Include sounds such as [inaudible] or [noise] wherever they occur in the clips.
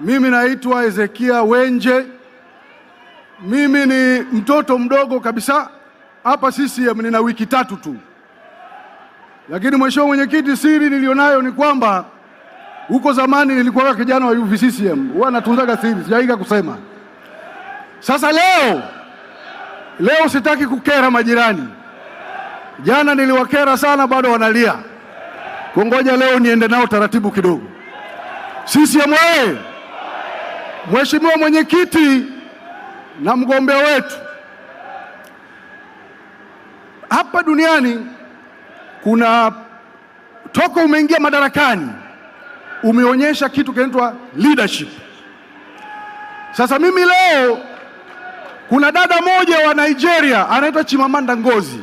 Mimi naitwa Hezekia Wenje. Mimi ni mtoto mdogo kabisa hapa CCM, nina wiki tatu tu, lakini mheshimiwa mwenyekiti, siri nilionayo ni kwamba huko zamani nilikuwa kijana wa UVCCM, huwa natunzaga siri, sijaiga kusema. Sasa leo leo sitaki kukera majirani, jana niliwakera sana, bado wanalia kongoja, leo niende nao taratibu kidogo. CCM oye! Mheshimiwa mwenyekiti na mgombea wetu, hapa duniani kuna toka umeingia madarakani umeonyesha kitu kinaitwa leadership. Sasa mimi leo, kuna dada moja wa Nigeria anaitwa Chimamanda Ngozi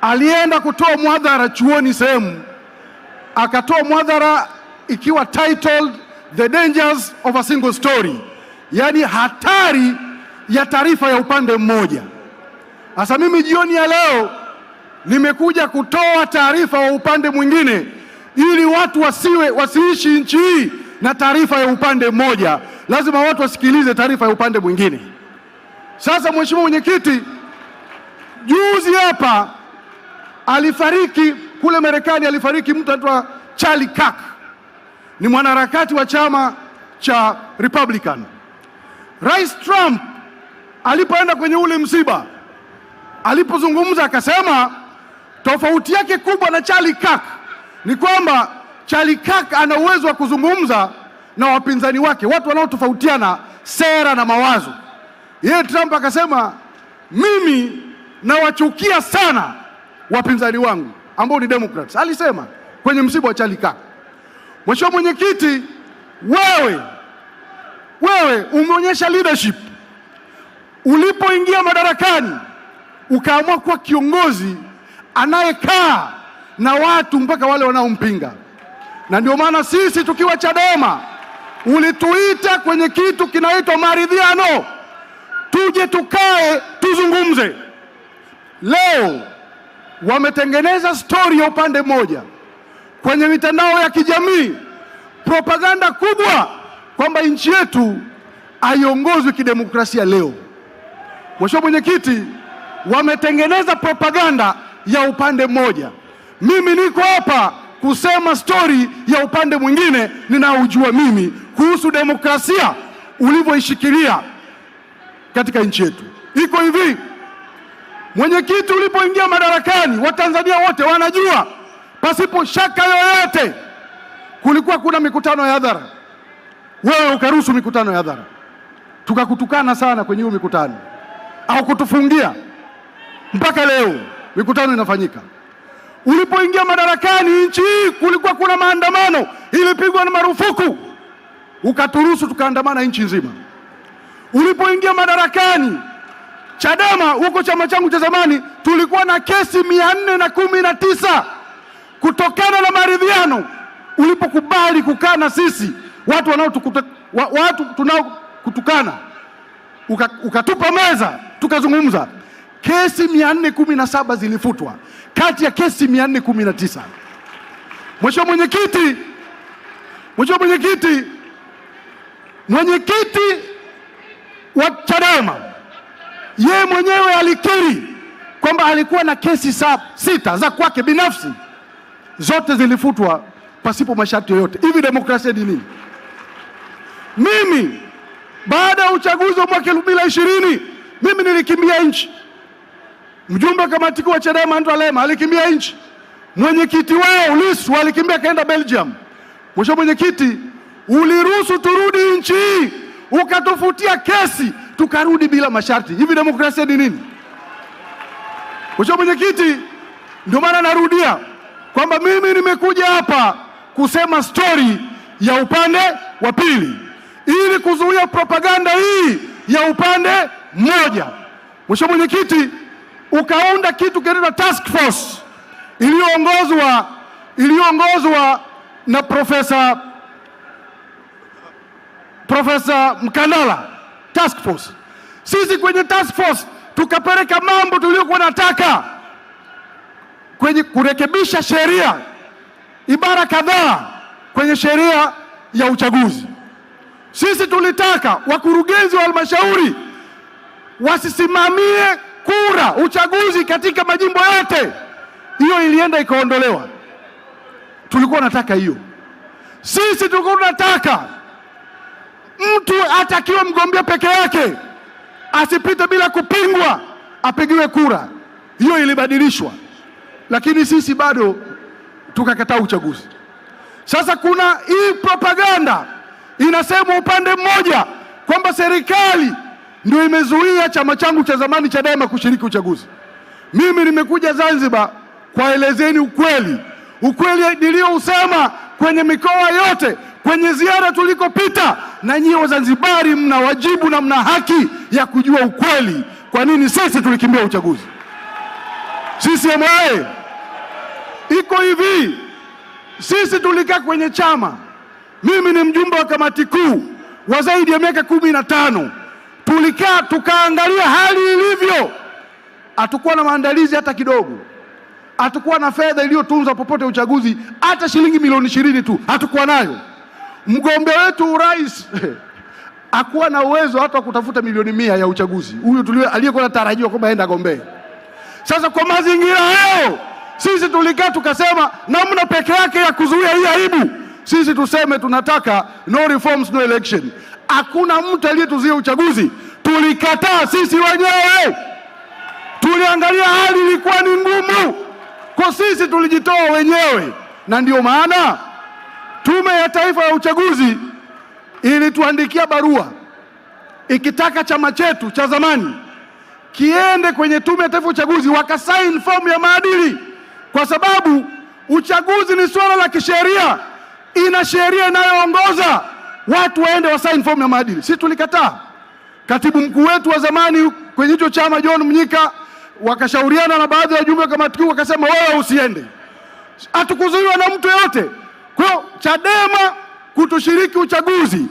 alienda kutoa mwadhara chuoni sehemu, akatoa mwadhara ikiwa titled the dangers of a single story, yaani hatari ya taarifa ya upande mmoja. Sasa mimi jioni ya leo nimekuja kutoa taarifa wa upande mwingine, ili watu wasiwe wasiishi nchi hii na taarifa ya upande mmoja. Lazima watu wasikilize taarifa ya upande mwingine. Sasa mheshimiwa mwenyekiti, juzi hapa alifariki kule Marekani, alifariki mtu anaitwa Charlie Kirk ni mwanaharakati wa chama cha Republican. Rais Trump alipoenda kwenye ule msiba, alipozungumza akasema tofauti yake kubwa na Charlie Kirk ni kwamba Charlie Kirk ana uwezo wa kuzungumza na wapinzani wake, watu wanaotofautiana sera na mawazo. Yeye Trump akasema mimi nawachukia sana wapinzani wangu ambao ni Democrats, alisema kwenye msiba wa Charlie Kirk. Mheshimiwa mwenyekiti, wewe wewe umeonyesha leadership ulipoingia madarakani, ukaamua kuwa kiongozi anayekaa na watu mpaka wale wanaompinga, na ndio maana sisi tukiwa Chadema ulituita kwenye kitu kinaitwa maridhiano, tuje tukae tuzungumze. Leo wametengeneza stori ya upande mmoja kwenye mitandao ya kijamii propaganda kubwa kwamba nchi yetu haiongozwi kidemokrasia leo. Mheshimiwa Mwenyekiti, wametengeneza propaganda ya upande mmoja. Mimi niko hapa kusema stori ya upande mwingine ninaojua mimi kuhusu demokrasia ulivyoishikilia katika nchi yetu. Iko hivi, mwenyekiti, ulipoingia madarakani, Watanzania wote wanajua pasipo shaka yoyote. Kulikuwa kuna mikutano ya hadhara, wewe ukaruhusu mikutano ya hadhara, tukakutukana sana kwenye hiyo mikutano au kutufungia. Mpaka leo mikutano inafanyika. Ulipoingia madarakani, nchi hii kulikuwa kuna maandamano, ilipigwa na marufuku, ukaturuhusu tukaandamana nchi nzima. Ulipoingia madarakani Chadema huko chama changu cha zamani tulikuwa na kesi mia nne na kumi na tisa kutokana na maridhiano, ulipokubali kukaa na sisi watu wanaotukuta, wa, watu tunaokutukana uka, ukatupa meza tukazungumza, kesi 417 zilifutwa kati ya kesi 419. Mheshimiwa Mwenyekiti, Mheshimiwa Mwenyekiti, mwenyekiti wa Chadema yeye mwenyewe alikiri kwamba alikuwa na kesi sab, sita za kwake binafsi zote zilifutwa pasipo masharti yoyote. Hivi demokrasia ni nini? Mimi baada ya uchaguzi wa mwaka elfu mbili na ishirini mimi nilikimbia nchi. Mjumbe wa kamati kuu wa Chadema Andrew Lema alikimbia nchi. Mwenyekiti wao Lissu alikimbia kaenda Belgium. Mheshimiwa mwenyekiti, uliruhusu turudi nchi hii, ukatufutia kesi, tukarudi bila masharti. Hivi demokrasia ni nini? Mheshimiwa mwenyekiti, ndio maana narudia kwamba mimi nimekuja hapa kusema stori ya upande wa pili ili kuzuia propaganda hii ya upande mmoja. Mheshimiwa Mwenyekiti, ukaunda kitu kinaitwa task force iliyoongozwa iliyoongozwa na profesa Profesa Mkandala task force. Sisi kwenye task force tukapeleka mambo tuliyokuwa nataka kwenye kurekebisha sheria ibara kadhaa kwenye sheria ya uchaguzi. Sisi tulitaka wakurugenzi wa halmashauri wasisimamie kura uchaguzi katika majimbo yote, hiyo ilienda ikaondolewa. Tulikuwa nataka hiyo. Sisi tulikuwa tunataka mtu atakiwa mgombea peke yake asipite bila kupingwa, apigiwe kura. Hiyo ilibadilishwa lakini sisi bado tukakataa uchaguzi. Sasa kuna hii propaganda inasema upande mmoja kwamba serikali ndio imezuia chama changu cha zamani Chadema kushiriki uchaguzi. Mimi nimekuja Zanzibar kwaelezeni ukweli, ukweli niliyousema kwenye mikoa yote, kwenye ziara tulikopita, na nyie Wazanzibari mna wajibu na mna haki ya kujua ukweli, kwa nini sisi tulikimbia uchaguzi. CCM mwae Iko hivi, sisi tulikaa kwenye chama, mimi ni mjumbe wa kamati kuu wa zaidi ya miaka kumi na tano. Tulikaa tukaangalia hali ilivyo, hatukuwa na maandalizi hata kidogo, hatukuwa na fedha iliyotunzwa popote uchaguzi, hata shilingi milioni ishirini tu hatukuwa nayo. Mgombea wetu urais [laughs] hakuwa na uwezo hata wa kutafuta milioni mia ya uchaguzi, huyu aliyekuwa anatarajiwa kwamba aenda gombee sasa kwa mazingira hayo, sisi tulikaa tukasema namna peke yake ya kuzuia hii aibu, sisi tuseme tunataka no reforms no election. Hakuna mtu aliyetuzuia uchaguzi, tulikataa sisi wenyewe. Tuliangalia hali ilikuwa ni ngumu, kwa sisi tulijitoa wenyewe, na ndio maana Tume ya Taifa ya Uchaguzi ilituandikia barua ikitaka chama chetu cha zamani kiende kwenye Tume ya Taifa Uchaguzi wakasaini fomu ya maadili, kwa sababu uchaguzi ni swala la kisheria, ina sheria inayoongoza watu waende wasaini fomu ya maadili. Sisi tulikataa. Katibu mkuu wetu wa zamani kwenye hicho chama John Mnyika wakashauriana na baadhi ya wajumbe wa kamati kuu, wakasema wewe usiende. Hatukuzuiwa na mtu yoyote. Kwa hiyo Chadema kutoshiriki uchaguzi,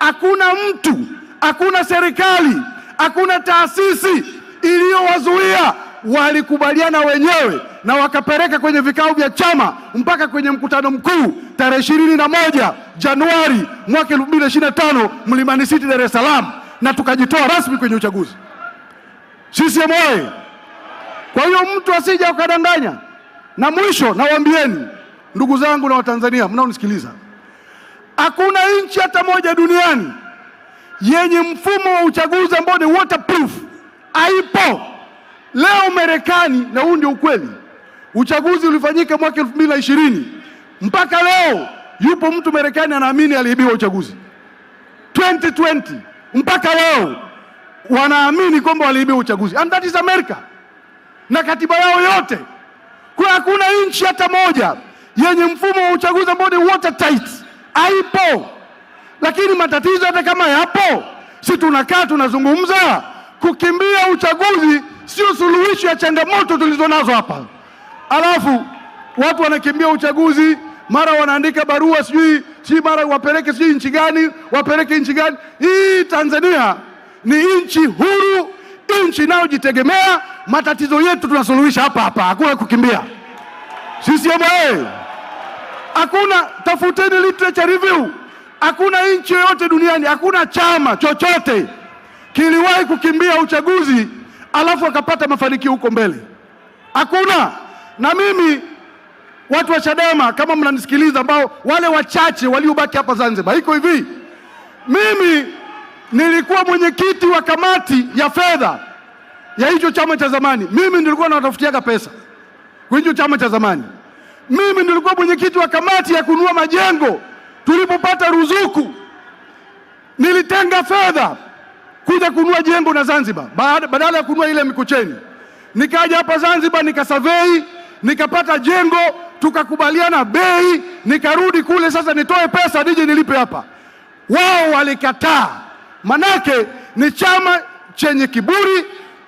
hakuna mtu, hakuna serikali, hakuna taasisi iliyowazuia walikubaliana wenyewe na wakapeleka kwenye vikao vya chama mpaka kwenye mkutano mkuu tarehe ishirini na moja Januari mwaka elfu mbili na ishirini na tano Mlimani City, Dar es Salaam, na tukajitoa rasmi kwenye uchaguzi CCM Kwa hiyo mtu asije akadanganya. Na mwisho nawaambieni ndugu zangu na Watanzania mnaonisikiliza, hakuna nchi hata moja duniani yenye mfumo wa uchaguzi ambao ni waterproof haipo. Leo Marekani, na huu ndio ukweli, uchaguzi ulifanyika mwaka elfu mbili na ishirini mpaka leo yupo mtu Marekani anaamini aliibiwa uchaguzi 2020 mpaka leo wanaamini kwamba waliibiwa uchaguzi, and that is America na katiba yao yote. Kwa hakuna nchi hata moja yenye mfumo wa uchaguzi ambao ni watertight, haipo. Lakini matatizo hata kama yapo, si tunakaa tunazungumza Kukimbia uchaguzi sio suluhisho ya changamoto tulizonazo hapa, alafu watu wanakimbia uchaguzi, mara wanaandika barua sijui si mara wapeleke sijui nchi gani, wapeleke nchi gani. Hii Tanzania ni nchi huru, nchi inayojitegemea. Matatizo yetu tunasuluhisha hapa hapa, hakuna kukimbia. CCM oyee! Hakuna, tafuteni literature review. Hakuna nchi yoyote duniani, hakuna chama chochote kiliwahi kukimbia uchaguzi alafu akapata mafanikio huko mbele? Hakuna. Na mimi watu wa Chadema kama mnanisikiliza, ambao wale wachache waliobaki hapa Zanzibar, iko hivi, mimi nilikuwa mwenyekiti wa kamati ya fedha ya hicho chama cha zamani. Mimi nilikuwa nawatafutiaga pesa kwa hicho chama cha zamani. Mimi nilikuwa mwenyekiti wa kamati ya kununua majengo tulipopata ruzuku, nilitenga fedha kuja kununua jengo na Zanzibar badala ya kununua ile Mikocheni. Nikaja hapa Zanzibar nikasavei, nikapata jengo, tukakubaliana bei, nikarudi kule. Sasa nitoe pesa nije nilipe hapa, wao walikataa. Manake ni chama chenye kiburi,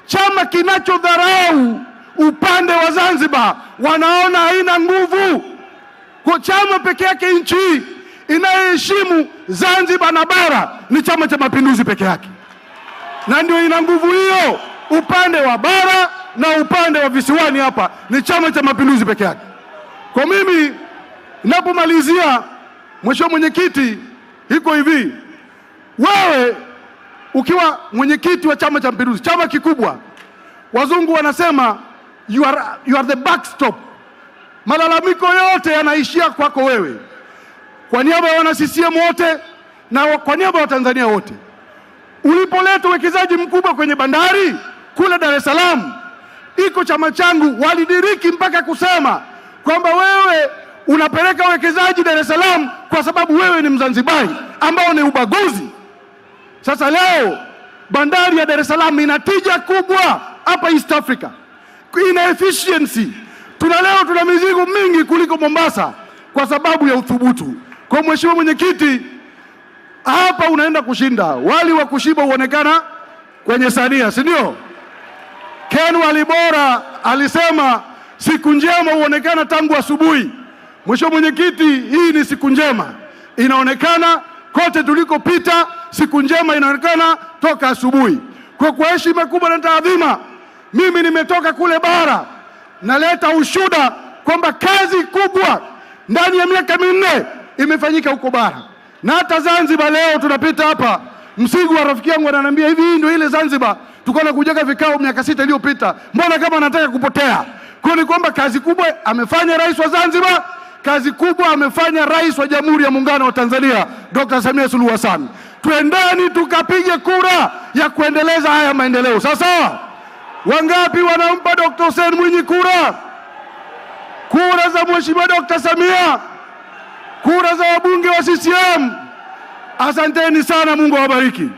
chama kinachodharau upande wa Zanzibar, wanaona haina nguvu. Kwa chama peke yake nchi inayoheshimu Zanzibar na bara ni Chama cha Mapinduzi peke yake na ndio ina nguvu hiyo upande wa bara na upande wa visiwani. Hapa ni Chama cha Mapinduzi peke yake. Kwa mimi ninapomalizia, mheshimiwa mwenyekiti, iko hivi, wewe ukiwa mwenyekiti wa Chama cha Mapinduzi, chama kikubwa, wazungu wanasema you are, you are the backstop. Malalamiko yote yanaishia kwako wewe, kwa niaba ya wana CCM wote na kwa niaba ya Watanzania wote. Ulipoleta uwekezaji mkubwa kwenye bandari kule Dar es Salaam, iko chama changu walidiriki mpaka kusema kwamba wewe unapeleka uwekezaji Dar es Salaam kwa sababu wewe ni Mzanzibari, ambao ni ubaguzi. Sasa leo bandari ya Dar es Salaam ina tija kubwa hapa East Africa, ina efficiency. Tuna leo tuna mizigo mingi kuliko Mombasa kwa sababu ya uthubutu. Kwa Mheshimiwa Mwenyekiti, hapa unaenda kushinda. Wali wa kushiba huonekana kwenye sania, si ndio? Ken Walibora alisema siku njema huonekana tangu asubuhi. Mwisho mwenyekiti, hii ni siku njema, inaonekana kote tulikopita. Siku njema inaonekana toka asubuhi. Kwa kwa heshima kubwa na taadhima, mimi nimetoka kule bara, naleta ushuda kwamba kazi kubwa ndani ya miaka minne imefanyika huko bara na hata Zanzibar leo tunapita hapa, Msigu wa rafiki yangu ananiambia hivi, hii ndio ile Zanzibar tulikuwa tunakujaga vikao miaka sita iliyopita, mbona kama anataka kupotea? Kwa ni kwamba kazi kubwa amefanya rais wa Zanzibar, kazi kubwa amefanya rais wa Jamhuri ya Muungano wa Tanzania Dr. Samia Suluhu Hassan. Twendeni tukapige kura ya kuendeleza haya maendeleo. Sasa wangapi wanampa Dr. Hussein Mwinyi kura? Kura za mheshimiwa Dr. Samia kura za wabunge wa CCM. Asanteni sana, Mungu awabariki.